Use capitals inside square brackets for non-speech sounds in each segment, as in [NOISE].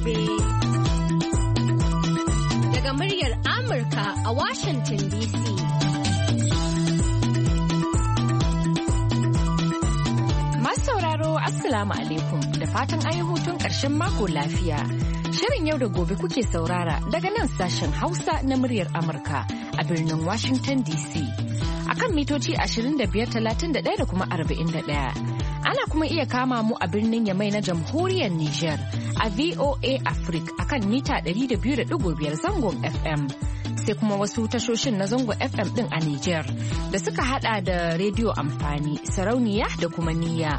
gobe. Daga muryar Amurka a Washington DC. Masu sauraro Assalamu alaikum da fatan ayi hutun ƙarshen mako lafiya. Shirin yau da gobe kuke saurara daga nan sashen Hausa na muryar Amurka a birnin Washington DC. Akan mitoci 25,31 da kuma 41. Ana kuma iya kama mu a birnin Yamai na jamhuriyar Nijar a VOA Africa akan mita 200.5 zangon FM. Sai kuma wasu tashoshin na zango FM din a Nijar da suka hada da rediyo amfani, sarauniya da kuma niyya.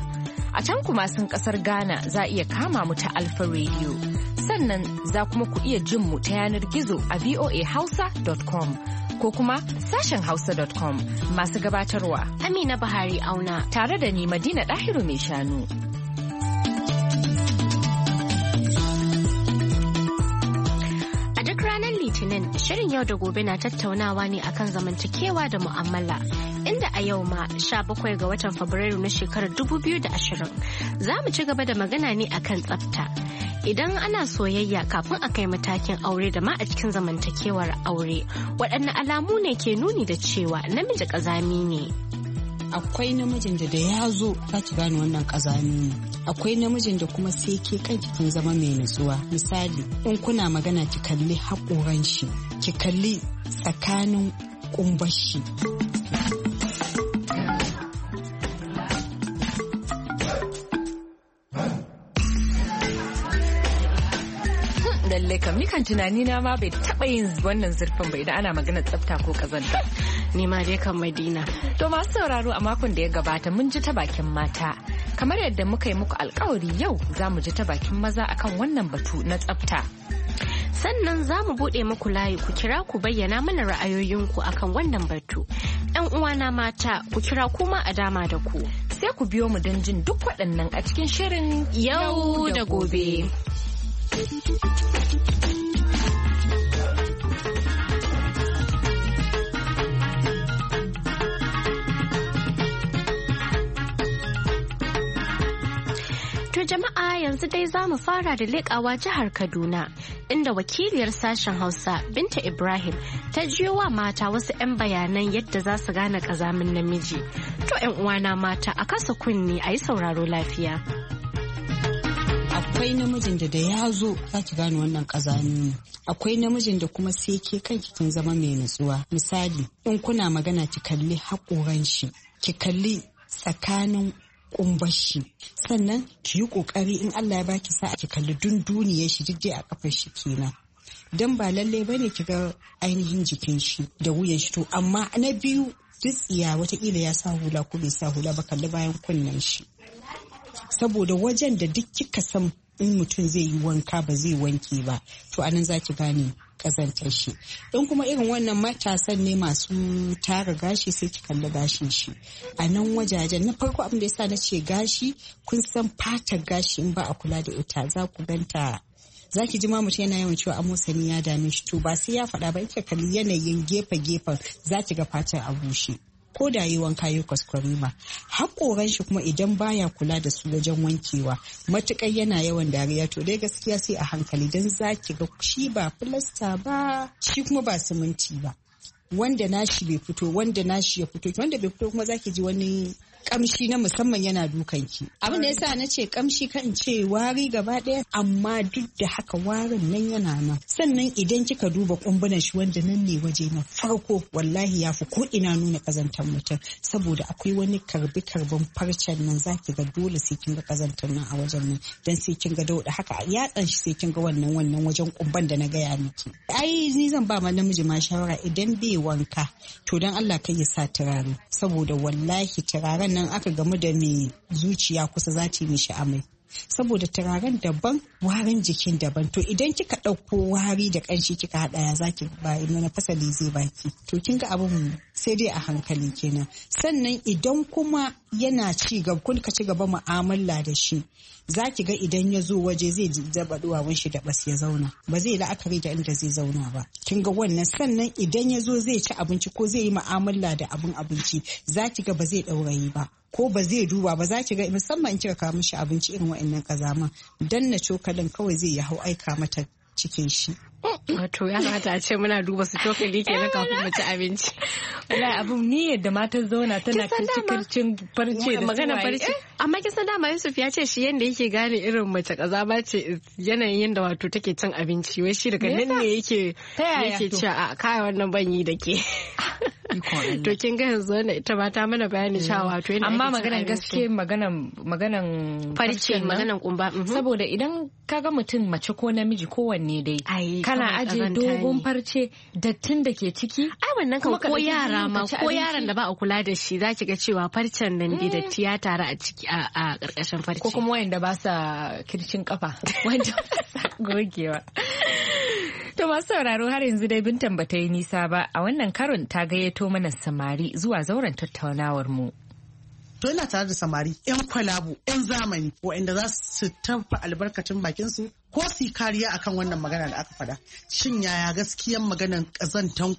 A can kuma sun kasar Ghana za iya kama mu ta Alfa Radio. Sannan za kuma ku iya jin mu ta yanar gizo a voahausa.com ko kuma sashen hausa.com masu gabatarwa. Amina Buhari auna. Tare da ni Madina Dahiru mai shanu. Shirin yau da gobe na tattaunawa ne akan zamantakewa da mu'amala. Inda a yau ma 17 ga watan Fabrairu na shekarar 2020 za mu ci gaba da magana ne akan tsafta. Idan ana soyayya kafin a kai matakin aure da ma a cikin zamantakewar aure, waɗanne alamu ne ke nuni da cewa namiji ƙazami ne. Akwai namijin da da ya zo ta ci gane wannan ƙazami ne. akwai namijin da kuma sai ke kan kin zama mai nutsuwa misali in kuna magana ki kalli haƙoran shi ki kalli tsakanin kumbashi. lalle kam ni kan tunani na ma bai taba yin wannan zurfin ba idan ana magana tsafta ko kazanta ni ma dai kan madina to masu sauraro a makon da ya gabata mun ji ta bakin mata kamar yadda muka yi muku alkawari yau za mu ji ta bakin maza akan wannan batu na tsafta sannan za mu buɗe muku layi ku kira ku bayyana mana ra'ayoyinku akan wannan batu. 'Yan uwana mata ku kira kuma a dama da ku. Sai ku biyo mu don jin duk waɗannan a cikin shirin yau da gobe. jama'a yanzu dai za mu fara da leƙawa jihar Kaduna inda wakiliyar sashen Hausa Binta Ibrahim ta jiyo wa mata wasu 'yan bayanan yadda za su gane ƙazamin namiji. To 'yan uwana mata a kasa kunni a yi sauraro lafiya. akwai namijin da da ya zo za ki gane wannan kazani ne akwai namijin da kuma sai ke kanki kin zama mai nutsuwa misali in kuna magana ki kalli haƙoran shi ki kalli tsakanin kumbashi sannan ki yi kokari in Allah ya baki sa'a ki kalli dunduniyar shi duk a kafar shi kenan dan ba lalle bane ki ga ainihin jikin shi da wuyan shi to amma na biyu tsiya watakila ya sa hula ko bai sa hula ba kalli bayan kunnen shi saboda wajen da duk kika san in mutum zai yi wanka ba zai wanke ba to anan za ki gane kazantar shi don kuma irin wannan matasan ne masu tara gashi sai ki kalli gashin shi a nan wajajen na farko abin da yasa na ce gashi kun san fatar gashi in ba a kula da ita za ku ganta za ki ji ma mutum yana yawan cewa amosani ya dame shi to ba sai ya faɗa ba in kalli yanayin gefe-gefen za ki ga fatar a bushe ko da yi wanka yi ma haƙoran shi kuma idan baya kula da su wajen wankewa matuƙar yana yawan dariya to dai gaskiya sai a hankali don za ki ga shi ba filasta ba shi kuma ba siminti ba wanda nashi bai fito wanda nashi ya fito wanda bai fito kuma zaki ji wani kamshi na musamman yana dukan ki abin da yasa na ce kamshi kan ce wari gaba ɗaya amma duk da haka warin nan yana nan sannan idan kika duba kumbunan shi wanda nan ne waje na farko wallahi ya fi ko ina nuna kazantar mutum saboda akwai wani karbi karbin farcen nan zaki ga dole sai kin ga kazantar nan a wajen nan dan sai kin ga dauda haka yatsan shi sai kin ga wannan wannan wajen kumban da na gaya miki ai ni zan ba ma namiji ma shawara idan bai wanka to dan Allah kai ya sa turare saboda wallahi turaren nan aka gamu da mai zuciya kusa za ta yi mishi amai saboda turaren daban warin jikin daban to idan kika ɗauko wari da ƙanshi kika haɗa ya zaki ba na fasali zai baki to kin ga abin sai dai a hankali kenan sannan idan kuma yana ci gaba kun ka ci gaba mu'amala da shi za ki ga idan ya zo waje zai zaba duwawun shi da bas ya zauna ba zai la'akari da inda zai zauna ba kin ga wannan sannan idan ya zo zai ci abinci ko zai yi mu'amala da abin abinci za ki ga ba zai daurayi ba ko ba zai duba ba za ki ga musamman in kika kawo mishi abinci irin wa'annan kazaman danna cokalin kawai zai ya hau aika mata cikin shi wato ya kamata a ce muna duba su tokali na kafin mu ci abinci wallahi abun ni yadda mata zauna tana kirkircin farce da magana farce eh. amma kin san dama Yusuf ya ce shi yanda yake gane irin mace kaza ba ce yanayin yanda wato take cin abinci wai shi daga nan ne yake yake cewa a kai wannan banyi da ke [LAUGHS] to kin ga yanzu wannan ita ba ta mana bayani eh. cewa wato yana amma maganan gaske maganan maganan farce maganan kumba mhm. saboda idan kaga mutum mace ko namiji ko wanne dai kana aje dogon farce dattin da ke ciki ai wannan kan ko yara ma ko yaran da ba a kula da shi zaki ga cewa farcen nan da mm. datti ya tare a ciki a karkashin farce ko kuma wayanda ba sa kircin kafa [LAUGHS] wanda gogewa To masu sauraro har yanzu dai bin bata yi nisa ba a wannan karon ta gayyato mana samari zuwa zauren tattaunawar mu. to yana tare da samari yan kwalabu yan zamani waɗanda za su tafa albarkacin bakin su ko su kariya akan wannan magana da aka faɗa shin yaya gaskiyan maganan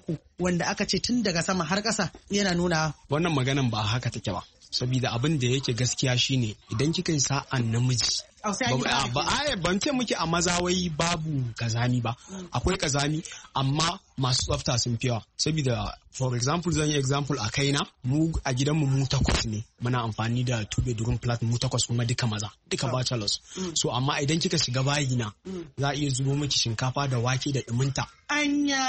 ku wanda aka ce tun daga sama har ƙasa yana nuna wannan maganan ba haka take ba sabida abin da yake gaskiya shine idan kika yi sa'an namiji Oh, ba ah, a ah, ban ce muke a maza wai babu kazani ba akwai kazani. amma masu tsafta sun fi yawa saboda for example zan yi example a kaina mu a gidanmu mu takwas ne muna amfani da tube durin plat mu takwas kuma duka maza duka bachelors mm. so amma idan kika shiga bayina mm. za a iya zubo miki shinkafa da wake da iminta anya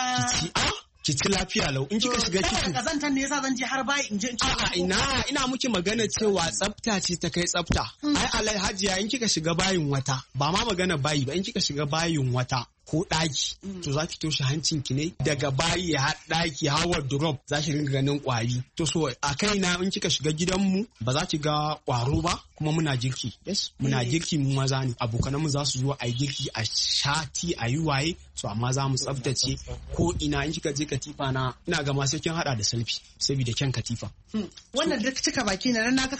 ki ci lafiya lau in kika shiga kicin kazantar ne yasa zan je har bai in je in ci a ina ina miki magana cewa tsafta ce ta kai tsafta hmm. ai alai hajiya in kika shiga bayin wata ba ma magana bayi ba in kika shiga bayin wata ko ɗaki to za ki toshe hancin ki ne daga bayi ya ɗaki hawa drop za ki ringa ganin kwari to so a kai na in kika shiga gidanmu ba za ki ga kwaro ba kuma muna girki yes muna girki mu maza ne abokan mu za su zo a girki a shati a yi waye to amma za mu tsaftace ko ina in kika je katifa na ina ga masu kin hada da salfi saboda kyan katifa hmm. wannan duk cika baki na na ka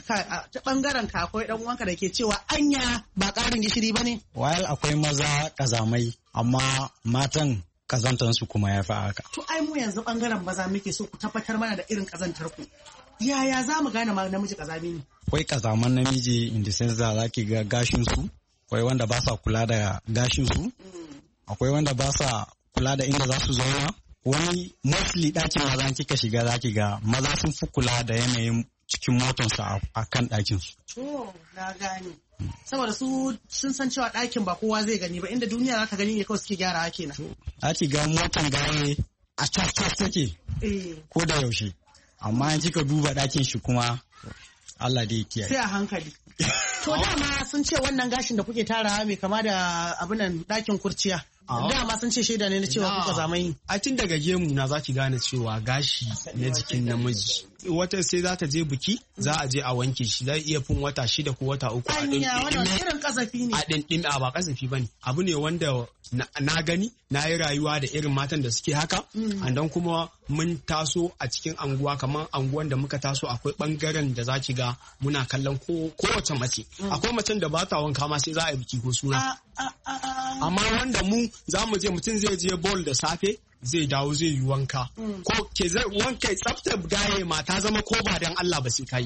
ta bangaren ka akwai dan uwanka da ke cewa anya ba karin gishiri bane while akwai maza kazamai amma matan kazantansu kuma ya fi haka. To ai mu yanzu bangaren maza muke so ku tabbatar mana da irin kazantar ku. Yaya za mu gane namiji kazami ne? Akwai kazaman namiji in the sense da za ki ga gashin su, akwai wanda ba sa kula da gashin su, akwai wanda ba sa kula da inda za su zauna. Wani mostly ɗakin maza kika shiga za ki ga maza sun fi kula da yanayin cikin motonsa a kan ɗakin su. na gane. saboda su sun san cewa ɗakin ba kowa zai gani ba inda duniya za ta gani ne kawai suke gyara ake na. ake ga motan gaye a cas take eh. ko da yaushe amma in ka duba ɗakin shi kuma Allah da ya kiyaye sai a hankali [LAUGHS] to dama sun ce wannan gashin da kuke tarawa mai kama da abin ɗakin kurciya dama sun ce shaida ne na cewa kuka yi a tun daga gemu na zaki gane cewa gashi na jikin namiji wata sai za ta je biki za a je a wanke shi zai iya fin wata shida ko wata uku a ne. a ba kasafi bane abu ne wanda na gani na yi rayuwa da irin matan da suke haka mm. andan kuma mun taso a cikin anguwa kamar anguwan da muka taso akwai bangaren da za ki ga muna kallon kowace mace mm. akwai macen da ba ta wanka ma sai za a yi biki ko suna amma wanda mu za mu je mutum zai je bol da safe zai dawo zai yi wanka mm. ko ke zai wanka tsaftar gaye ma ta zama ko ba dan Allah ba sai kai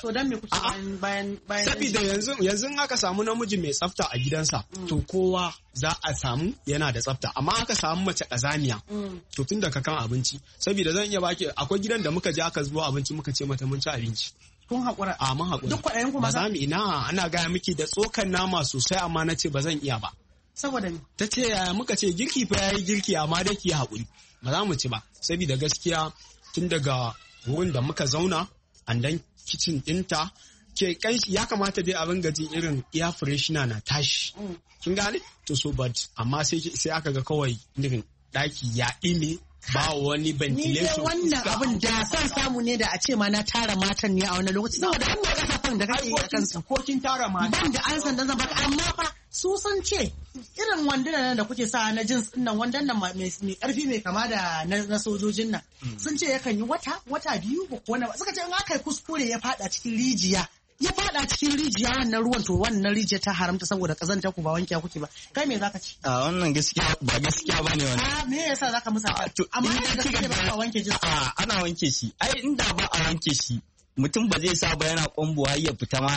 to dan me kuke bayan bayan saboda yanzu yanzu aka samu namiji mai tsafta a gidansa mm. to kowa za a samu yana da tsafta amma aka samu mace kazaniya. Mm. to tun daga kan abinci saboda zan iya baki akwai gidan da muka je aka zuwa abinci muka ce mata mun ci abinci kun haƙura a mun haƙura duk kwaɗayin kuma za mu ina ana gaya miki da tsokan nama sosai amma na ce ba zan iya ba saboda me ta ce muka ce girki fa yayi girki amma da ki haƙuri ba za mu ci ba saboda gaskiya tun daga wurin da muka zauna andan kicin ɗinta ke kai ya kamata dai abin gaji irin iya freshener na tashi mm. kin gane to so but amma sai aka ga kawai irin ɗaki ya ime. ba wani ventilation wannan abin da san samu ne da a ce ma na tara matan ne a wani lokaci saboda an ba kasafan da kake a kansu ko kin tara mata da an san dan baka amma fa su san ce irin wandunan nan da kuke sa na jins nan wandan nan mai karfi mai kama da na sojojin nan hmm. sun ce yakan yi wata wata biyu ko wani suka ce in aka kuskure ya fada cikin rijiya ya fada cikin rijiya wannan ruwan to wannan rijiya ta haramta saboda kazanta ku ba wankiya kuke ba kai me zaka ci a wannan gaskiya ba gaskiya bane wannan a me yasa zaka musa amma da gaskiya ba wanke ji a ana wanke shi ai inda ba a wanke shi mutum ba zai sa ba yana har ya fita ma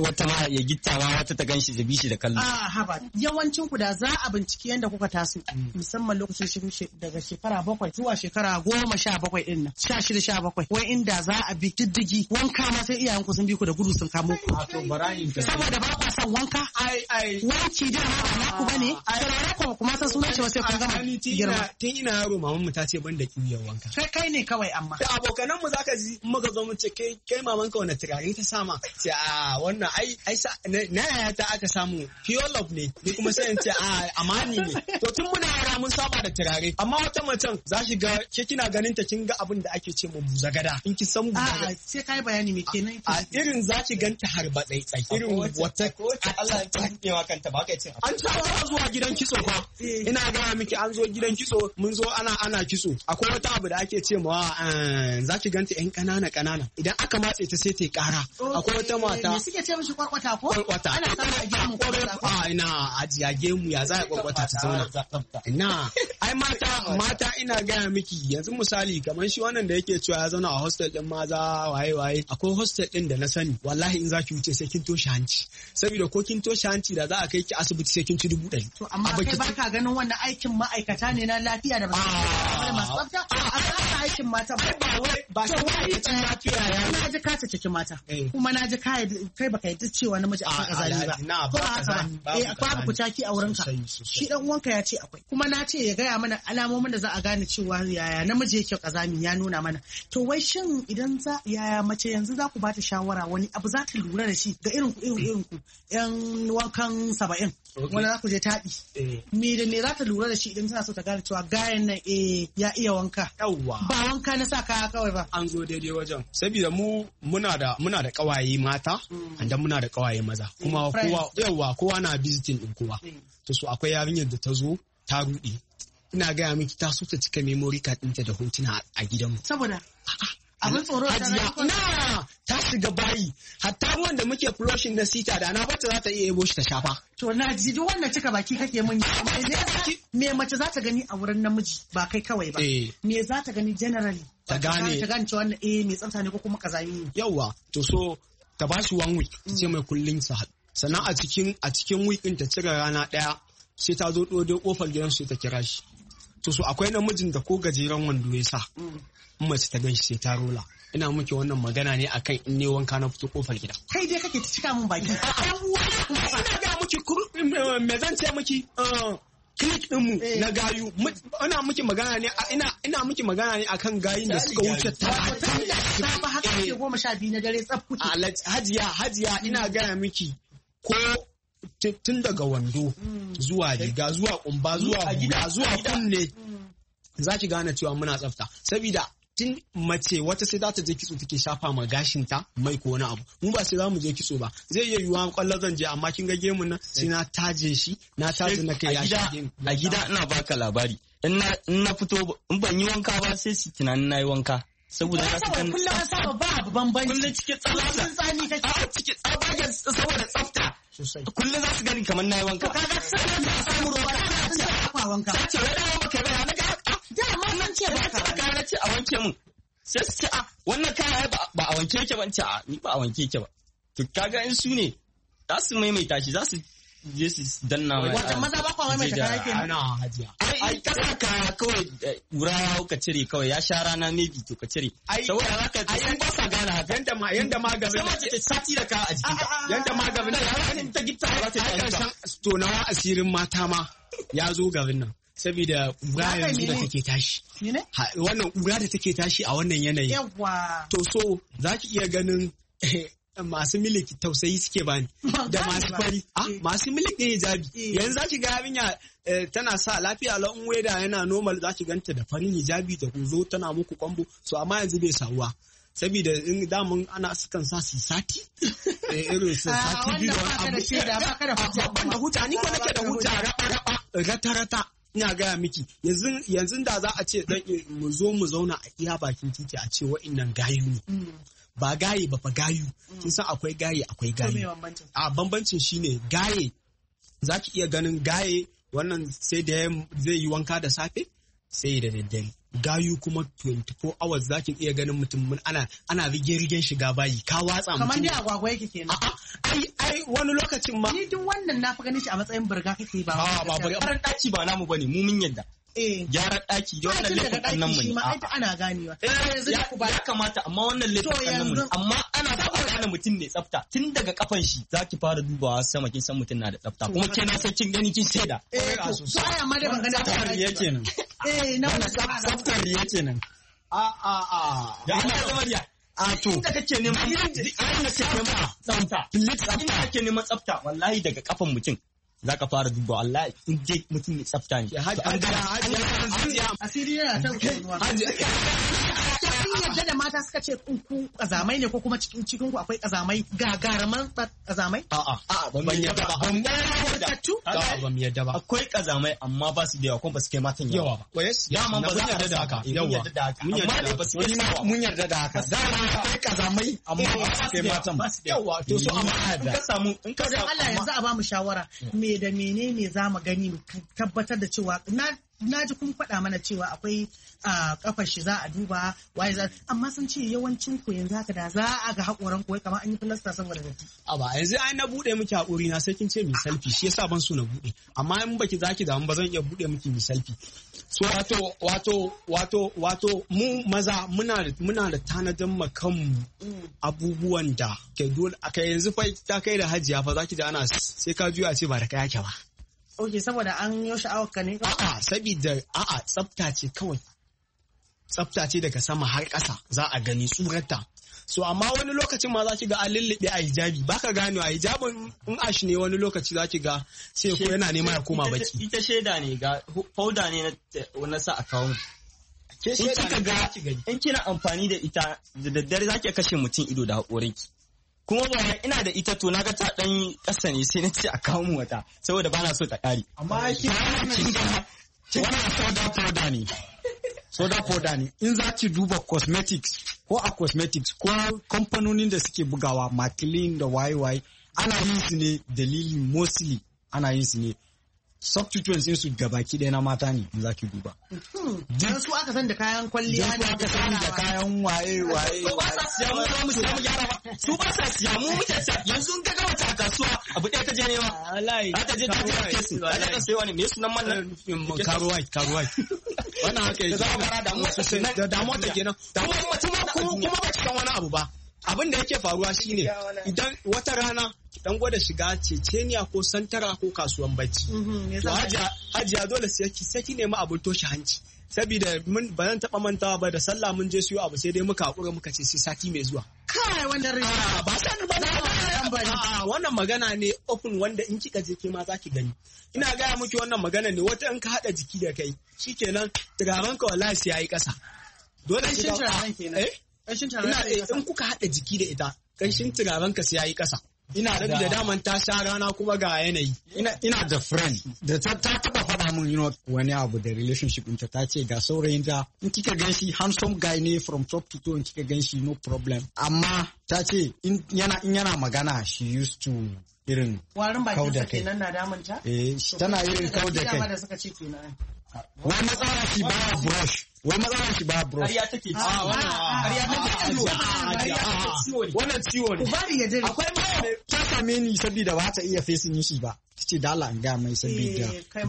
wata ma ya gitta ma wata ta ganshi da bishi da kallo. A ah, haba yawancin ku da za a binciki yadda kuka taso musamman lokacin daga shekara bakwai zuwa shekara goma sha bakwai din nan sha shida sha bakwai wai inda za a bi diddigi wanka ma sai iyayen ku sun bi ku da gudu sun kamo ku. Saboda ba kwa san wanka. Wanki da ma ba ku bane. Turare ku kuma san sunan cewa sai kun gama girma. Tun ina yaro mamanmu ta ce ban da kimiyyar wanka. Kai kai ne kawai amma. Da mu za ka ji muka zo mu ce ke kai maman ka wani turare ta sama ce a ah, wannan ai ai na yaya ta aka samu pure love ne ni kuma sai in ce a ah, amani ne to tun muna yara mun saba da turare amma wata macen za shi ga ke kina ganin ta kin ga abin da ake ce mu buzagada in ki san buzagada a sai kai bayani me kenan a irin za ki ganta har ba tsaitsai irin wata Allah ya wa kanta ba kai ce an tawa zuwa gidan kitso fa eh. ina ga miki an zo gidan kitso mun zo ana ana kitso akwai wata abu da ake ce ma eh, za ki ganta yan kanana kanana idan aka matse ta sai ta kara akwai wata mata me suke ce mishi kwakwata ko Kwakwata. ana samu a gemu kwakwata. a ah, ina ajiya gemu ya za a kwakwata ta zauna ina ai mata [LAUGHS] mata ina gaya miki yanzu misali kamar shi wannan da yake cewa ya zauna a hostel din maza waye waye akwai hostel din da na sani wallahi in za ki wuce sai kin toshe hanci saboda ko kin toshe hanci da za a kai ki asibiti sai kin ci dubu ɗari to amma kai baka ganin wannan aikin ma'aikata ne na lafiya da ba masu ah. aikin mata ba shi ba ya ci na ji ka ciki mata eh. kuma na ji kai kai baka yi cewa namiji akwai azali ba ko haka ba eh akwai abu kucaki a wurin ka shi dan uwanka ya ce akwai kuma na ce ya gaya mana alamomin da za a gane cewa yaya namiji yake kazami ya nuna mana to wai shin idan za yaya mace yanzu za ku ba ta shawara wani abu za ta lura da shi ga irin ku irin irin ku yan wankan saba'in wani za ku je taɗi eh. me da me za ta lura da shi idan tana so ta gane cewa gayan nan eh ya iya wanka ba wanka na sa kaya kawai ba an zo daidai wajen Sabida mu muna da muna da kawaye mata mm. da muna da kawaye maza kuma kowa yawa kowa na visiting din kowa to so akwai yarinyar da ta zo ta ruɗe ina gaya miki ta so ta cika memory card ɗinta da hotuna a gidanmu saboda abin tsoro na ta shiga bayi hatta ruwan da muke flushing na sita da na bata za ta iya yebo shi ta shafa to na ji duk wannan cika baki kake mun me mace za ta gani a wurin namiji ba kai kawai ba eh. me za ta gani generally ta gane ta gane cewa eh me tsafta ne ko kuma kazami ne yawa to so ta ba shi one week ce mm. mai kullun sa sannan a cikin a cikin week ta cire rana daya sai ta zo dodo kofar gidan sai ta kira shi to su akwai namijin da ko gajeren wando ya sa mm. mace ta gan shi sai ta rola ina muke wannan magana ne akan in ne wanka na fito kofar gida kai dai kake cika mun baki [LAUGHS] ina ga muke me zan ce miki ah, click din mu eh. na gayu ina miki magana ne ina ina miki magana ne akan gayin da suka wuce ta ba haka eh. ke goma sha biyu na dare tsaf kuke ah, hajiya hajiya ina ga miki ko tun daga wando mm. zuwa riga zuwa kumba zuwa gida zuwa kunne mm. za ki gane cewa muna tsafta saboda tun mace wata sai za ta je kitso take shafa ma gashinta mai ko wani abu mu ba sai za mu je kitso ba zai iya yiwuwa kwallon zan je amma kin ga gemu nan sai na taje shi na taje na kai ya shige a gida ina baka labari in na fito in ban yi wanka ba sai su tunanin na yi wanka saboda su san kullum ba babban banci kullum cikin tsala tsani kake a cikin saboda tsafta kullum za su gani kamar na yi wanka kaga sai ka samu ruwa ka ce ba wanka sai ce wai dawo maka ba na ga ah, ah. da ma nan ce ba ka na ce a wanke mun sai su ce a ah, wannan kaya ba a wanke ke ba ce a ni ba a wanke ke ba to kaga in su ne za su maimaita shi za su je su danna mai wata maza ba kwa mai ta kaya kenan ana hajiya ai ka saka kawai eh, kura ka cire kawai ya sha rana ne bi to ka cire saboda haka ai an ba sa gana haka yanda ma yanda ma gabe sai mace ta sati da ka a jikin ta ah, ah, ah, yanda ma gabe nan ta gifta ba ta yi to nawa asirin mata ma ya zo garin nan saboda ƙura yanzu da take tashi. Wannan ƙura da take tashi a wannan yanayi. To so za ki iya ganin eh, masu milik tausayi suke bani da masu fari a ah, eh. masu milik ne hijabi eh. yanzu za ki ga yarinya eh, tana sa lafiya la'un weda yana normal za ki ganta da farin hijabi da kuzo tana muku kwambo so amma yanzu bai sauwa saboda in damun ana sukan sa su sati [LAUGHS] irin su ah, sati biyu da wani abu da huta ni ko nake da huta rata rata ina gaya miki yanzu da za a ce mu zo mu zauna a iya bakin titi a ce nan gayu ne mm. ba gaye ba fa gayu kin san akwai gaye akwai gaye a bambancin shine gaye zaki iya ganin gaye wannan sai da zai yi wanka da safe sai da daddare gayu kuma 24 hours zaki iya ganin mutum ana ana rige shiga bayi ka watsa mutum kamar a agwagwa yake kenan ai ai wani lokacin ma ni duk wannan na fi ganin shi a matsayin burga kake ba ba ba ba ɗaci ba ba ba mu mun yadda gyaran ɗaki da wannan laifin ɗannan mu ne. ana ganewa. Ya kamata amma wannan laifin ɗannan mu ne. Amma ana so a gane mutum ne tsafta tun daga kafan shi za ki fara dubawa sama kin san mutum na da tsafta kuma ke na sai kin gani kin shaida. Eh so aya ma da ban gani ta riya kenan. Eh na wannan tsaftar riya kenan. A a a. Ya ina zama riya. a to inda kake neman tsafta tsafta inda kake neman tsafta wallahi daga kafan mutum za ka fara duba Allah in je mutum ya tsafta ne. Asiri yana ta sun yadda da mata suka ce ku kazamai ne ko kuma cikin cikin ku akwai kazamai gagaraman kazamai a'a ban yadda ba ban yadda ba ban yadda ba akwai kazamai amma ba su da yawa kuma ba su kai matan yawa ba yes dama ba za a da haka eh, yawa mun yarda da haka. ba da haka mun yarda da haka dama akwai kazamai amma ba su kai matan ba yawa to so amma in ka samu in ka Allah yanzu a ba mu shawara hmm. me da menene za mu gani mu tabbatar da cewa na na ji kun faɗa mana cewa akwai kafar ah, shi za a duba waye za amma sun ce yawancin ku yanzu haka da za a ga hakoran ku kamar an yi filasta saboda datti a ba yanzu ai na bude miki hakori na sai kin ce mi salfi shi yasa ban so na bude amma in baki zaki da ba zan iya bude miki mi salfi. so wato wato wato wato mu maza muna da muna da tanadin ma abubuwan da ke dole aka yanzu fa ta kai da hajiya fa zaki da ana sai ka juya ce ba da kai yake ba Oke saboda an yi sha'awar ka ne? A'a sabida a'a tsafta ce kawai. Tsafta ce daga sama har ƙasa za a gani tsurarta. So amma wani lokacin ma za ki ga a lullube a hijabi ba ka gano a hijabin in ash ne wani lokaci za ki ga sai ko yana nema ya koma baki. Ita shaida ne ga fauda ne na sa a kawo. In kika ga in kina amfani da ita da daddare za ki kashe mutum ido da ki. kuma wannan ina da ita to naga ta dan kasa ne sai na ce a kawo mu wata saboda bana so ta kare amma ki wannan soda powder ne soda powder ne in za ki duba cosmetics ko a cosmetics ko kamfanonin da suke bugawa maclean da yy ana yin su ne dalili mostly ana yin su ne substituents su gabaki ɗaya na mata ne za ki duba. Hmm, dan su aka san da kayan kwalliya ne aka san da kayan waye waye. siya mu Su ba sa siya mu muke siya yanzu ka ga wata kasuwa abu ɗaya ta je ne ma. Wallahi. Aka je ta je kesu. Aka ka sai wani me sunan man nan. Karo white karo white. Wannan haka yi. Da za mu fara damuwa ta kenan. Damuwa ta kenan. Kuma kuma ba cikin wani abu ba. abin da yake faruwa shine idan wata rana dan gwada shiga ceceniya ko santara ko kasuwan bacci mhm, to hajiya dole sai ki nemi abin toshe hanci saboda mun ba zan taba mantawa ba da sallah mun je siyo abu sai dai muka hakura muka ce sai sati mai zuwa kai wannan ba san ba wannan magana ne open wanda in kika je ke ma zaki gani ina gaya muke wannan magana ne wata in ka hada jiki da kai shikenan turaren ka wallahi sai yayi kasa dole shi turaren kenan eh? ina in kuka haɗa jiki da ita ƙanshin turaren ka sai yi ƙasa ina da da daman ta sha rana kuma ga yanayi ina da friend da ta ta taba faɗa min yi wani abu da relationship ɗinta ta ce ga saurayin ta in kika ganshi handsome guy ne from top to toe in kika ganshi no problem amma ta ce in yana magana she used to irin warin bakin sa kenan na damanta. eh tana irin kau da kai wai matsala shi ba brush wai matsala shi ba brush ƙarya take ci ƙarya wannan ciwo ne ubari ya jere akwai ma ta same ni saboda ba ta iya facing shi ba tace da Allah an ga mai saboda eh,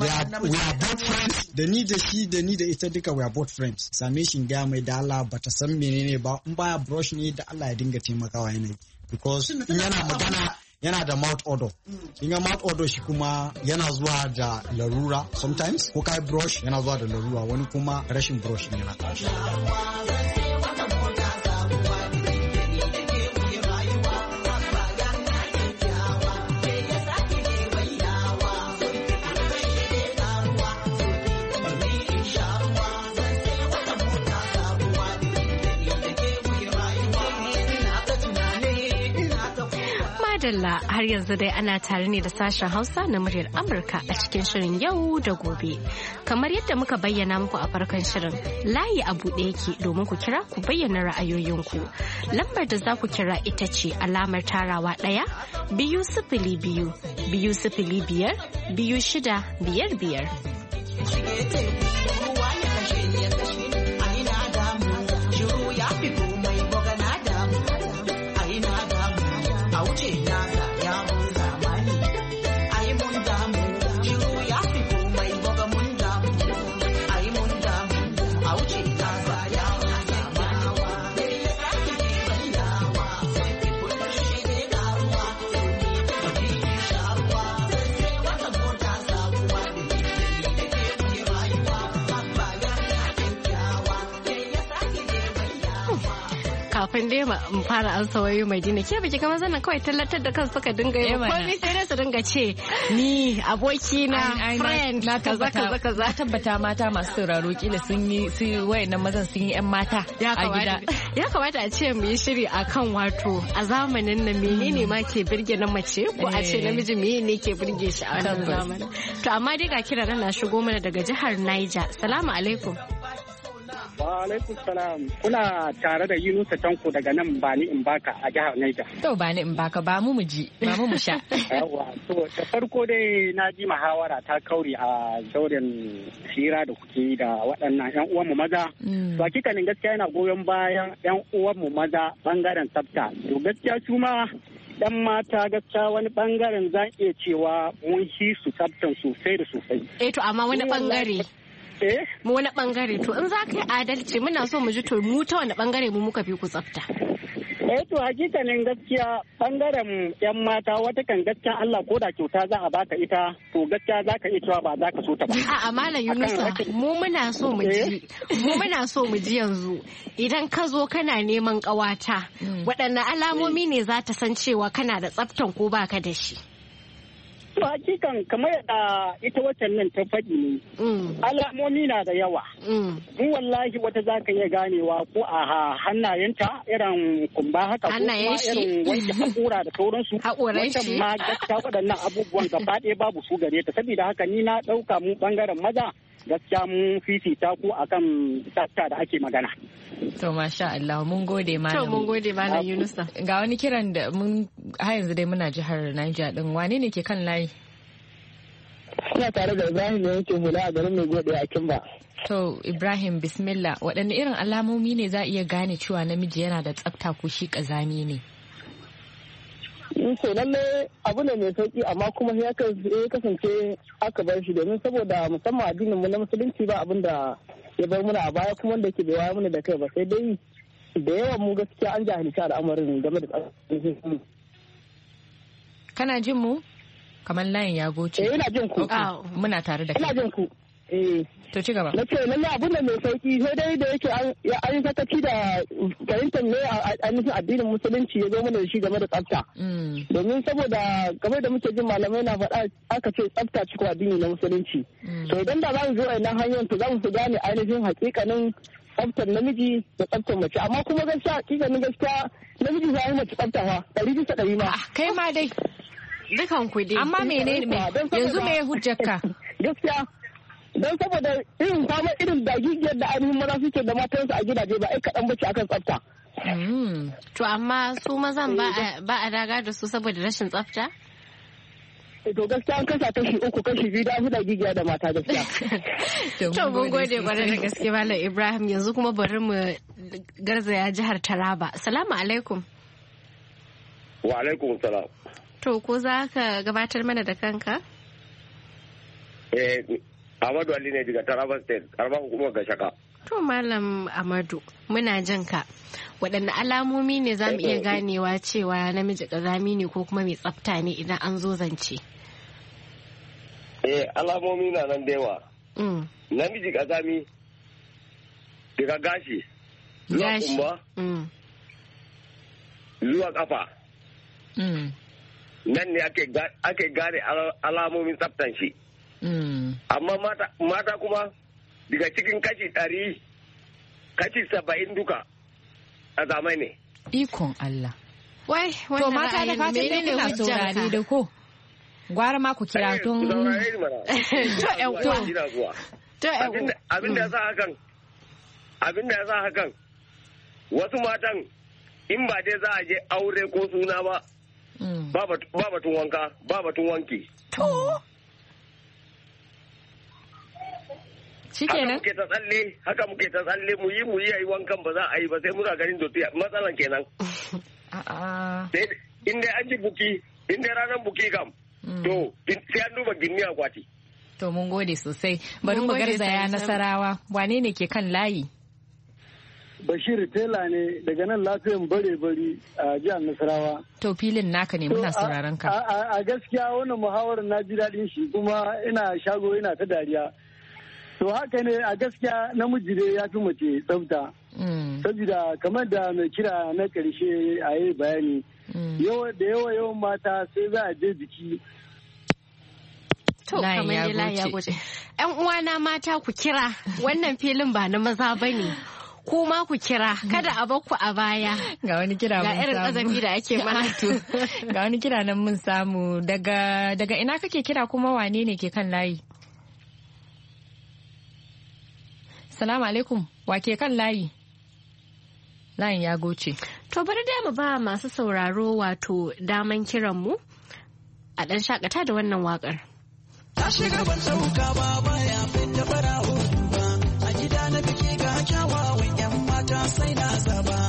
we are both friends da ni da shi da ni da ita duka we are both friends same shi ga mai da ba ta san menene ba in baya brush ne da Allah ya dinga taimakawa yanayi because yana magana yana da mouth odor mm. kin ga mouth odor shi kuma yana zuwa da larura sometimes ko kai brush yana zuwa da larura wani kuma rashin brush yana tashi Allah har yanzu dai ana tare ne da sashen Hausa na muryar Amurka a cikin shirin yau da gobe. Kamar yadda muka bayyana muku a farkon shirin layi a buɗe yake domin ku kira ku bayyana ra'ayoyinku. Lambar da za ku kira ita ce alamar tarawa ɗaya biyu sifili biyu biyu sifili biyar biyu shida biyar biyar. kafin dai fara an sauyi mai dina ke baki kamar zannan kawai tallatar da kansu suka dinga yi eh ko ni sai dai su dinga ce ni aboki na friend na kaza kaza kaza tabbata mata masu sauraro kila sun yi su wayannan mazan sun yi yan mata a gida ya kamata a ce mu yi shiri akan wato a zamanin nan menene ma ke birge na mace ko a ce eh. namiji menene ke birge shi a wannan zamanin to amma dai ga kira na shigo mana daga jihar Niger salamu alaikum Wa alaikum salam. Kuna tare da nusa Tanko daga nan Bani baka a jihar Niger. To Bani baka ba mu mu ji, ba mu mu sha. [LAUGHS] Yawa, to da farko dai na ji muhawara ta kauri a zauren hira da kuke da waɗannan uwan mu maza. Mm. To ne gaskiya yana goyon bayan uwan uwanmu maza bangaren tsafta. To gaskiya su ma dan mata gaskiya wani bangaren za iya cewa mun shi su tsaftan sosai da sosai. Eh to amma wani bangare. Eh? mu wani bangare to in za ka yi adalci muna so mu ji to mu ta wani bangare mu muka fi ku tsafta eh to hakikanin gaskiya bangaren yan mata wata kan gaskiya Allah ko da kyauta za a baka ita to gaskiya za ka ita ba za ka so ta ba a'a malam Yunusa mu muna so mu ji eh? mu muna so mu ji yanzu idan ka zo kana neman kawata hmm. waɗanne alamomi ne za ta san cewa kana da tsaftan ko baka da shi To hakikan kamar yadda ita watan nan ta faɗi ne. Mm. Alamomi na da yawa. In mm. wallahi wata za ka iya ganewa ko a hannayenta irin kumba haka ko kuma irin wanke haƙura da sauransu. Haƙuran shi. ma gaskiya waɗannan abubuwan gaba ɗaya babu su gare ta. Saboda haka ni na ɗauka mu ɓangaren maza gaskiya mu fifita ku akan sassa da ake magana. To masha Allah mun gode malam. To mun gode malam Yunusa. Ga wani kiran da mun har yanzu dai muna jihar Niger din wane ne ke kan layi? Ina tare da Ibrahim da yake hula a garin mai gode a Kimba. To Ibrahim bismillah waɗanne irin alamomi ne za a iya gane cewa namiji yana da tsafta ko shi ƙazami ne? so lalle abu ne mai sauƙi amma kuma ya kasance aka bar shi domin saboda musamman addinin mu na musulunci ba abin da ya bar muna a baya kuma wanda ke bai mana da kai ba sai dai da yawan mu gaskiya an jahilci al'amarin game da tsakanin kana jin mu kamar layin ya goce eh ina jin ku ah. muna tare da kai ina jin ku eh to ci gaba nace lalle abun da mai sauki sai dai da yake an an sakaci da fahimtar ne a nufin addinin musulunci ya zo mana da shi game da tsafta mm. domin saboda game da muke jin malamai na faɗa aka ce tsafta cikin addini na musulunci mm. to idan da za mu zo nan hanyar to za mu gane ainihin hakikanin tsaftar namiji da tsaftar mace amma kuma gaskiya ni gaskiya namiji za yi mace tsaftawa ɗari bisa ɗari ma ah, kai ma dai dukan ku dai amma menene yanzu me hujjarka gaskiya don saboda irin fama irin dagigiyar da ainihin maza suke da matansu a gidaje ba ai kaɗan bace akan tsafta. Hmm. To amma su mazan eh. ba a daga da su saboda rashin tsafta? Eh, to gaskiya an kasa kashi uku kashi biyu da huda gigiya da mata gaskiya. [LAUGHS] To mun gode kwarai da gaske Malam Ibrahim yanzu kuma bari mu garzaya jihar Taraba. Salamu alaikum. Wa alaikum salam. To ko za ka gabatar mana da kanka? Eh, Amadu Ali ne daga Taraba State, Taraba hukumar Gashaka. To Malam Amadu, muna jin ka. Waɗanne alamomi ne za mu iya eh, eh, eh. ganewa cewa namiji ƙazami ne ko kuma mai tsafta ne idan an zo zance? Eh, alamomi na nan da yawa. Mm. Namiji ƙazami daga gashi, zuwa kumba, mm. zuwa ƙafa. Mm. nan ne ake gane alamomin tsaftan shi hmm. amma mata kuma daga cikin kashi ɗari kashi saba'in duka a zamai ne ikon Allah wai wannan ne menene hujjar da ko gwara ma ku kira eh, tun [LAUGHS] to abin da sa hmm. hakan abinda ya sa hakan wasu matan in ba dai za a je aure ko suna ba ba batun wanka ba batun wanki to shikenan muke ta tsalle haka muke ta tsalle mu yi mu yi ayi wankan ba za a yi ba sai muna ganin dotti matsalan kenan [LAUGHS] in dai an ji buki in dai ranar buki kam mm. to sai an duba ginni akwati to mun gode sosai bari mu ya nasarawa wane ne ke kan layi Bashir Tela ne daga nan lafiyan bare bari a jihar Nasarawa. To filin naka ne muna sauraron ka. A gaskiya wannan muhawarar na ji daɗin shi kuma ina shago ina ta dariya. To haka ne a gaskiya namiji ne ya fi mace tsafta. Mm. Saboda kamar da mai kira na ƙarshe a yi bayani. Mm. Da yawa yawan mata sai za a je biki To kamar ya goce. uwana mata ku kira wannan filin ba na maza ba ne. [LAUGHS] ku ma ku kira kada a bakku a baya ga wani kira ga irin azami da ake mana [LAUGHS] to ga wani kira nan mun samu daga daga ina kake kira kuma wane ne ke kan layi salamu alaikum wa ke kan layi layin ya goce to bari da mu ba masu sauraro wato daman kiran mu a dan shakata da wannan wakar ta shiga ban sauka ba baya fitta farahu ba a gida na biki ga kyawawan mata sai da azaba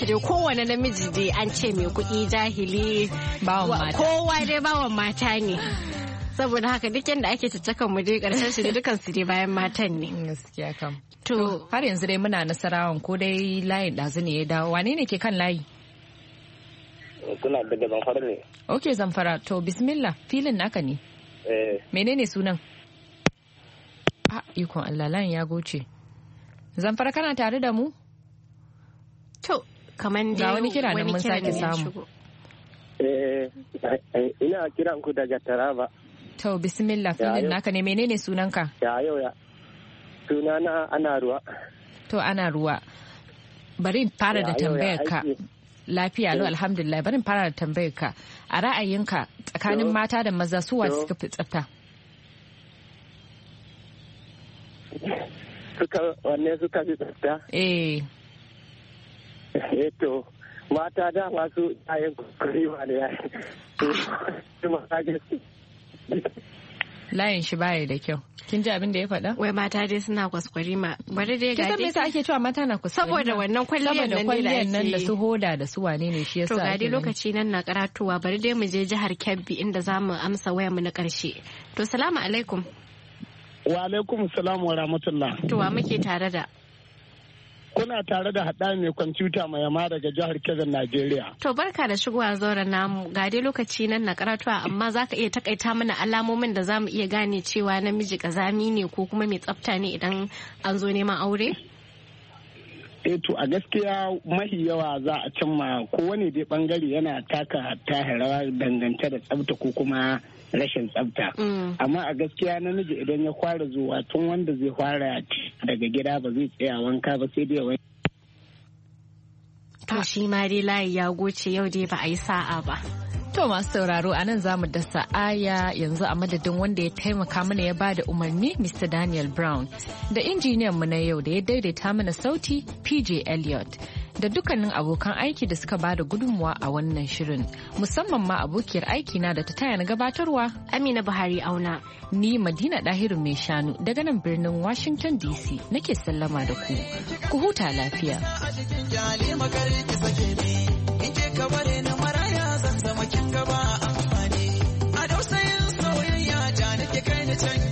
shi dai kowane namiji dai an ce mai kuɗi jahili kowa dai bawan mata ne saboda haka duk yadda ake caccakan mu dai karshen shi dukan su dai bayan matan ne to har yanzu dai muna nasarawan ko dai layin ɗazu ne ya dawo wane ne ke kan layi kuna daga zamfara ne ok zamfara to bismillah filin naka ne eh. menene sunan a ikon allah layin ya goce zamfara kana tare da mu to kamar da wani kira da mun sake samu eh, eh, ina kiran ku daga taraba to bismillah filin naka ne menene sunanka ya yau ya sunana ana ruwa to ana ruwa bari fara da tambayarka. ka lafiya lo eh. alhamdulillah bari fara da tambayar ka a ra'ayinka tsakanin mata da maza su wa suka fi tsafta suka wanne suka fi tsafta eh eto eh, mata da masu ayin kuriwa ne eh. layin shi baya da kyau kin ji abin da ya faɗa wai mata dai suna kwaskwari ma bari dai ga dai san ake cewa mata na kwaskwari saboda wannan kwalliyar nan kwalliyar nan da su hoda da su wane ne shi yasa to ga dai lokaci nan na karatuwa bari dai mu je jihar Kebbi inda zamu amsa wayar mu na karshe to salamu alaikum wa alaikum salam wa rahmatullah to wa muke tare da kuna tare da haɗa mai kwamfuta mai yama daga jihar Kebbi Najeriya. To barka da shigowa zauren namu gade lokaci nan na karatuwa amma za ka iya takaita mana alamomin da za mu iya gane cewa namiji kazami ne ko kuma mai tsafta ne idan an zo neman aure? E to a gaskiya mahi yawa za a cimma kowane dai bangare yana taka tahirawa dangance da tsafta ko kuma rashin tsafta mm. amma a gaskiya namiji idan ya kwara zuwa tun wanda zai fara daga gida ba zai tsaya wanka ba sai dai wani to shi ma dai layi ya goce yau dai ba a yi sa'a ba To masu sauraro a nan za mu dasa aya yanzu a madadin wanda ya taimaka mana ya bada umarni Mr. Daniel Brown da injiniyan mu na yau da ya daidaita mana sauti PJ Elliott. da dukkanin abokan aiki da suka bada gudunmuwa a wannan shirin musamman ma abokiyar aikina da ta taya na gabatarwa amina buhari auna ni madina dahiru mai shanu daga nan birnin washington dc nake sallama da ku ku huta lafiya you.